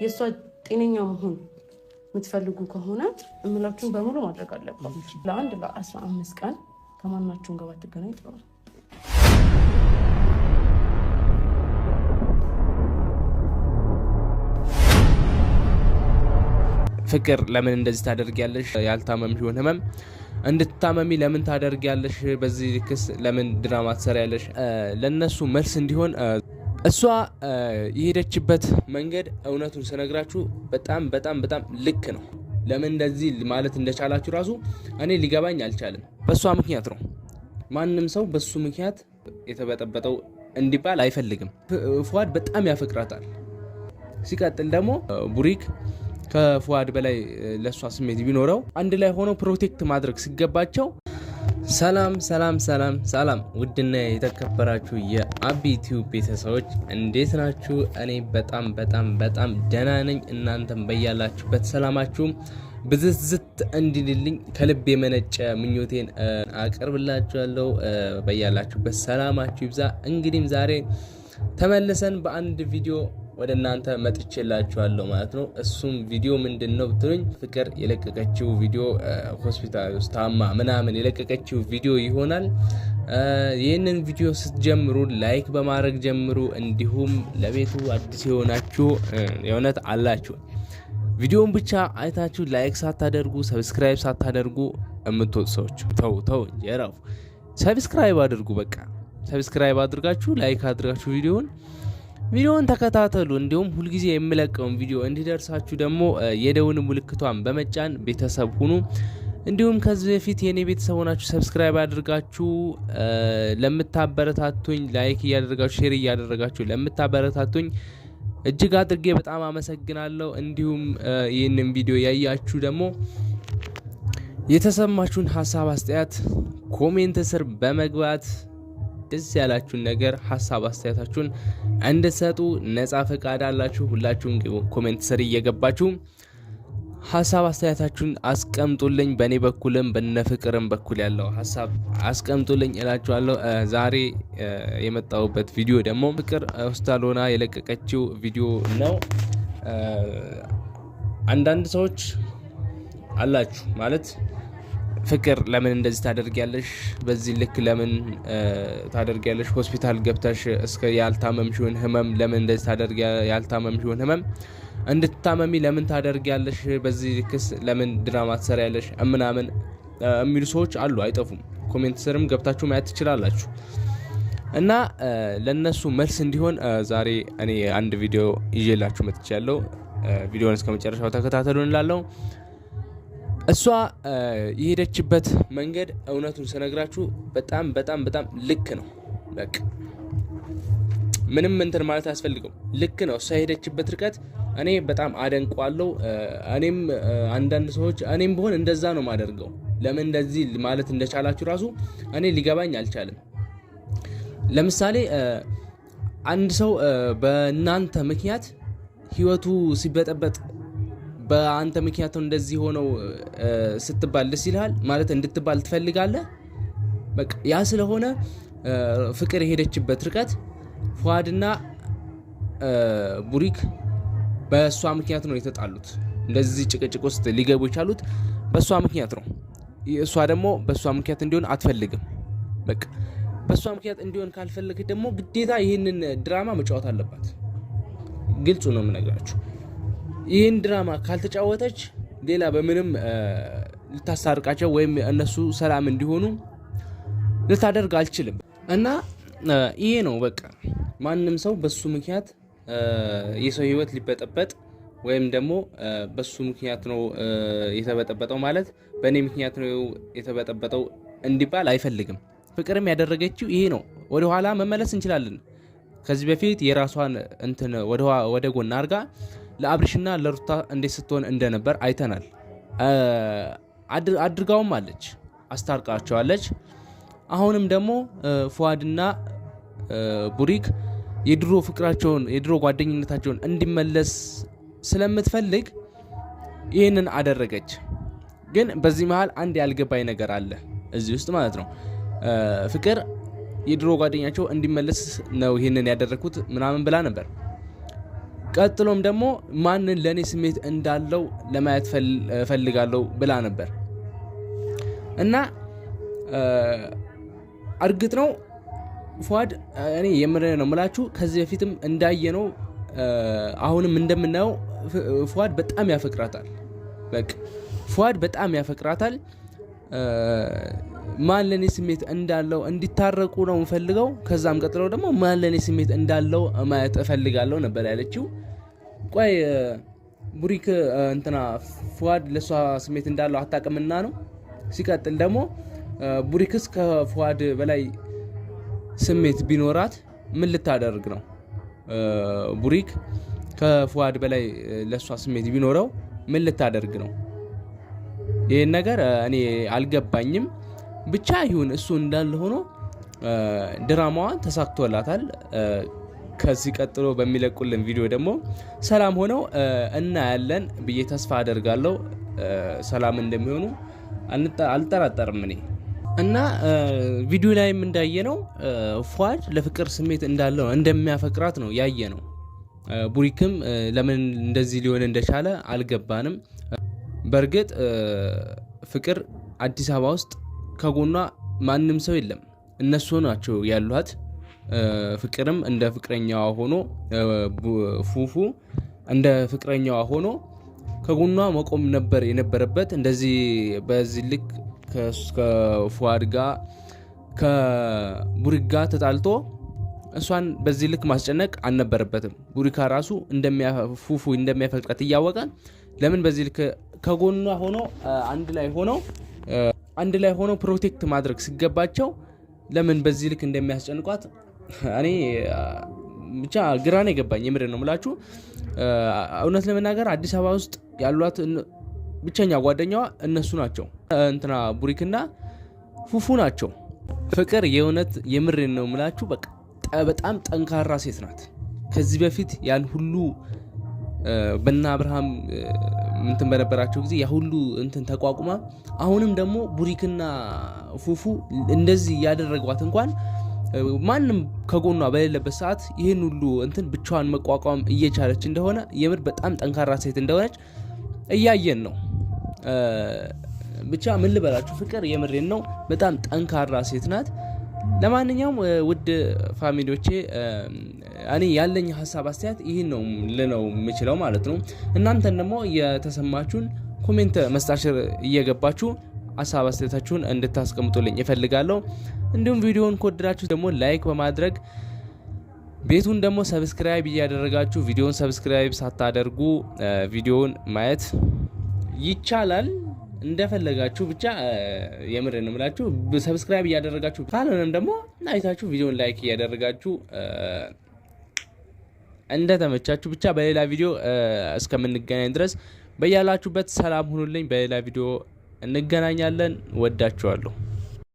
የእሷ ጤነኛ መሆን የምትፈልጉ ከሆነ እምላችሁን በሙሉ ማድረግ አለባችሁ። ለአንድ ለአስራ አምስት ቀን ከማናችሁን ጋር ባትገናኝ ጥሩ ነው። ፍቅር ለምን እንደዚህ ታደርጊያለሽ? ሲሆን ህመም እንድትታመሚ ለምን ታደርጊያለሽ? በዚህ ክስ ለምን ድራማ ትሰሪያለሽ? ለእነሱ መልስ እንዲሆን እሷ የሄደችበት መንገድ እውነቱን ስነግራችሁ በጣም በጣም በጣም ልክ ነው። ለምን እንደዚህ ማለት እንደቻላችሁ ራሱ እኔ ሊገባኝ አልቻለም። በእሷ ምክንያት ነው። ማንም ሰው በሱ ምክንያት የተበጠበጠው እንዲባል አይፈልግም። ፉአድ በጣም ያፈቅራታል። ሲቀጥል ደግሞ ቡሪክ ከፉአድ በላይ ለእሷ ስሜት ቢኖረው አንድ ላይ ሆነው ፕሮቴክት ማድረግ ሲገባቸው ሰላም ሰላም ሰላም ሰላም ውድና የተከበራችሁ የአቢ ቲዩብ ቤተሰቦች እንዴት ናችሁ? እኔ በጣም በጣም በጣም ደህና ነኝ። እናንተም በያላችሁበት ሰላማችሁም ብዝዝት እንዲልልኝ ከልብ የመነጨ ምኞቴን አቀርብላችኋለሁ። በያላችሁበት ሰላማችሁ ይብዛ። እንግዲህም ዛሬ ተመልሰን በአንድ ቪዲዮ ወደ እናንተ መጥቼላችኋለሁ ማለት ነው። እሱም ቪዲዮ ምንድን ነው ብትሉኝ ፍቅር የለቀቀችው ቪዲዮ ሆስፒታል ውስጥ ታማ ምናምን የለቀቀችው ቪዲዮ ይሆናል። ይህንን ቪዲዮ ስትጀምሩ ላይክ በማድረግ ጀምሩ። እንዲሁም ለቤቱ አዲስ የሆናችሁ የእውነት አላችሁ ቪዲዮን ብቻ አይታችሁ ላይክ ሳታደርጉ ሰብስክራይብ ሳታደርጉ የምትወጡ ሰዎች ተው ተው እንጂ ሰብስክራይብ አድርጉ። በቃ ሰብስክራይብ አድርጋችሁ ላይክ አድርጋችሁ ቪዲዮውን ቪዲዮውን ተከታተሉ። እንዲሁም ሁልጊዜ የምለቀውን ቪዲዮ እንዲደርሳችሁ ደግሞ የደውን ምልክቷን በመጫን ቤተሰብ ሁኑ። እንዲሁም ከዚህ በፊት የእኔ ቤተሰብ ሆናችሁ ሰብስክራይብ አድርጋችሁ ለምታበረታቱኝ፣ ላይክ እያደረጋችሁ ሼር እያደረጋችሁ ለምታበረታቱኝ እጅግ አድርጌ በጣም አመሰግናለሁ። እንዲሁም ይህንን ቪዲዮ ያያችሁ ደግሞ የተሰማችሁን ሀሳብ አስተያየት ኮሜንት ስር በመግባት ደስ ያላችሁን ነገር ሀሳብ አስተያየታችሁን እንድትሰጡ ነጻ ፈቃድ አላችሁ። ሁላችሁም ኮሜንት ስር እየገባችሁ ሀሳብ አስተያየታችሁን አስቀምጡልኝ። በእኔ በኩልም በነ ፍቅርም በኩል ያለው ሀሳብ አስቀምጡልኝ እላችኋለሁ። ዛሬ የመጣሁበት ቪዲዮ ደግሞ ፍቅር ሆስፒታል ሆና የለቀቀችው ቪዲዮ ነው። አንዳንድ ሰዎች አላችሁ ማለት ፍቅር ለምን እንደዚህ ታደርጊያለሽ? በዚህ ልክ ለምን ታደርጊያለሽ? ሆስፒታል ገብተሽ እስከ ያልታመምሽውን ህመም ለምን እንደዚህ ያልታመምሽውን ህመም እንድትታመሚ ለምን ታደርጊያለሽ? በዚህ ልክስ ለምን ድራማ ትሰሪያለሽ? ምናምን የሚሉ ሰዎች አሉ፣ አይጠፉም። ኮሜንት ስርም ገብታችሁ ማየት ትችላላችሁ። እና ለእነሱ መልስ እንዲሆን ዛሬ እኔ አንድ ቪዲዮ ይዤላችሁ መጥቻለሁ። ቪዲዮን እስከ መጨረሻው ተከታተሉ እንላለው። እሷ የሄደችበት መንገድ እውነቱን ስነግራችሁ በጣም በጣም በጣም ልክ ነው። በቃ ምንም እንትን ማለት አያስፈልገው፣ ልክ ነው። እሷ የሄደችበት ርቀት እኔ በጣም አደንቋለው እኔም አንዳንድ ሰዎች እኔም ብሆን እንደዛ ነው ማደርገው። ለምን እንደዚህ ማለት እንደቻላችሁ ራሱ እኔ ሊገባኝ አልቻለም። ለምሳሌ አንድ ሰው በእናንተ ምክንያት ህይወቱ ሲበጠበጥ በአንተ ምክንያት እንደዚህ ሆነው ስትባል ደስ ይልሃል ማለት እንድትባል ትፈልጋለህ። በቃ ያ ስለሆነ ፍቅር የሄደችበት ርቀት ፏድና ቡሪክ በእሷ ምክንያት ነው የተጣሉት። እንደዚህ ጭቅጭቅ ውስጥ ሊገቡ የቻሉት በእሷ ምክንያት ነው። እሷ ደግሞ በእሷ ምክንያት እንዲሆን አትፈልግም። በቃ በእሷ ምክንያት እንዲሆን ካልፈለግህ ደግሞ ግዴታ ይህንን ድራማ መጫወት አለባት። ግልጹ ነው የምነግራችሁ። ይህን ድራማ ካልተጫወተች ሌላ በምንም ልታስታርቃቸው ወይም እነሱ ሰላም እንዲሆኑ ልታደርግ አልችልም። እና ይሄ ነው በቃ ማንም ሰው በሱ ምክንያት የሰው ህይወት ሊበጠበጥ ወይም ደግሞ በሱ ምክንያት ነው የተበጠበጠው ማለት በእኔ ምክንያት ነው የተበጠበጠው እንዲባል አይፈልግም። ፍቅርም ያደረገችው ይሄ ነው። ወደኋላ መመለስ እንችላለን። ከዚህ በፊት የራሷን እንትን ወደ ጎን አድርጋ ለአብሪሽና ለሩታ እንዴት ስትሆን እንደነበር አይተናል። አድርጋውም አለች አስታርቃቸዋለች። አሁንም ደግሞ ፉአድና ቡሪክ የድሮ ፍቅራቸውን የድሮ ጓደኝነታቸውን እንዲመለስ ስለምትፈልግ ይህንን አደረገች። ግን በዚህ መሀል አንድ ያልገባኝ ነገር አለ እዚህ ውስጥ ማለት ነው። ፍቅር የድሮ ጓደኛቸው እንዲመለስ ነው ይህንን ያደረግኩት ምናምን ብላ ነበር ቀጥሎም ደግሞ ማንን ለእኔ ስሜት እንዳለው ለማየት ፈልጋለው ብላ ነበር እና እርግጥ ነው ፏድ እኔ የምር ነው የምላችሁ ከዚህ በፊትም እንዳየ ነው አሁንም እንደምናየው ፏድ በጣም ያፈቅራታል። ፏድ በጣም ያፈቅራታል። ማን ለእኔ ስሜት እንዳለው እንዲታረቁ ነው የምፈልገው። ከዛም ቀጥለው ደግሞ ማን ለእኔ ስሜት እንዳለው ማየት እፈልጋለሁ ነበር ያለችው። ቆይ ቡሪክ እንትና ፍዋድ ለእሷ ስሜት እንዳለው አታውቅምና ነው። ሲቀጥል ደግሞ ቡሪክስ ከፍዋድ በላይ ስሜት ቢኖራት ምን ልታደርግ ነው? ቡሪክ ከፍዋድ በላይ ለእሷ ስሜት ቢኖረው ምን ልታደርግ ነው? ይህን ነገር እኔ አልገባኝም። ብቻ ይሁን እሱ እንዳለ ሆኖ ድራማዋን ተሳክቶላታል። ከዚህ ቀጥሎ በሚለቁልን ቪዲዮ ደግሞ ሰላም ሆነው እናያለን ብዬ ተስፋ አደርጋለሁ። ሰላም እንደሚሆኑ አልጠራጠርም እኔ እና ቪዲዮ ላይም እንዳየ ነው ፏድ ለፍቅር ስሜት እንዳለው እንደሚያፈቅራት ነው ያየ ነው። ቡሪክም ለምን እንደዚህ ሊሆን እንደቻለ አልገባንም። በእርግጥ ፍቅር አዲስ አበባ ውስጥ ከጎኗ ማንም ሰው የለም፣ እነሱ ናቸው ያሏት። ፍቅርም እንደ ፍቅረኛዋ ሆኖ ፉፉ እንደ ፍቅረኛዋ ሆኖ ከጎኗ መቆም ነበር የነበረበት። እንደዚህ በዚህ ልክ ከፉአድ ጋ ከቡሪክ ተጣልቶ እሷን በዚህ ልክ ማስጨነቅ አልነበረበትም። ቡሪካ ራሱ ፉፉ እንደሚያፈቅራት እያወቀ ለምን በዚህ ልክ ከጎኗ ሆኖ አንድ ላይ ሆኖ አንድ ላይ ሆኖ ፕሮቴክት ማድረግ ሲገባቸው ለምን በዚህ ልክ እንደሚያስጨንቋት እኔ ብቻ ግራ ነው የገባኝ። የምድር ነው ምላችሁ እውነት ለመናገር አዲስ አበባ ውስጥ ያሏት ብቸኛ ጓደኛዋ እነሱ ናቸው። እንትና ቡሪክና ፉፉ ናቸው። ፍቅር የእውነት የምር ነው የምላችሁ በጣም ጠንካራ ሴት ናት። ከዚህ በፊት ያን ሁሉ በና አብርሃም እንትን በነበራቸው ጊዜ ያሁሉ እንትን ተቋቁማ አሁንም ደግሞ ቡሪክና ፉፉ እንደዚህ እያደረጓት እንኳን ማንም ከጎኗ በሌለበት ሰዓት ይህን ሁሉ እንትን ብቻዋን መቋቋም እየቻለች እንደሆነ የምር በጣም ጠንካራ ሴት እንደሆነች እያየን ነው። ብቻ ምን ልበላችሁ ፍቅር የምሬን ነው፣ በጣም ጠንካራ ሴት ናት። ለማንኛውም ውድ ፋሚሊዎቼ እኔ ያለኝ ሀሳብ አስተያየት ይህን ነው ልነው የምችለው ማለት ነው። እናንተን ደግሞ የተሰማችሁን ኮሜንት መስጣሽር እየገባችሁ ሀሳብ አስተያየታችሁን እንድታስቀምጡልኝ ይፈልጋለሁ። እንዲሁም ቪዲዮውን ከወደዳችሁ ደግሞ ላይክ በማድረግ ቤቱን ደግሞ ሰብስክራይብ እያደረጋችሁ ቪዲዮውን ሰብስክራይብ ሳታደርጉ ቪዲዮውን ማየት ይቻላል። እንደፈለጋችሁ ብቻ የምር እንምላችሁ ሰብስክራይብ እያደረጋችሁ ካልሆነም ደግሞ አይታችሁ ቪዲዮን ላይክ እያደረጋችሁ እንደተመቻችሁ ብቻ በሌላ ቪዲዮ እስከምንገናኝ ድረስ በያላችሁበት ሰላም ሁኑልኝ። በሌላ ቪዲዮ እንገናኛለን። ወዳችኋለሁ።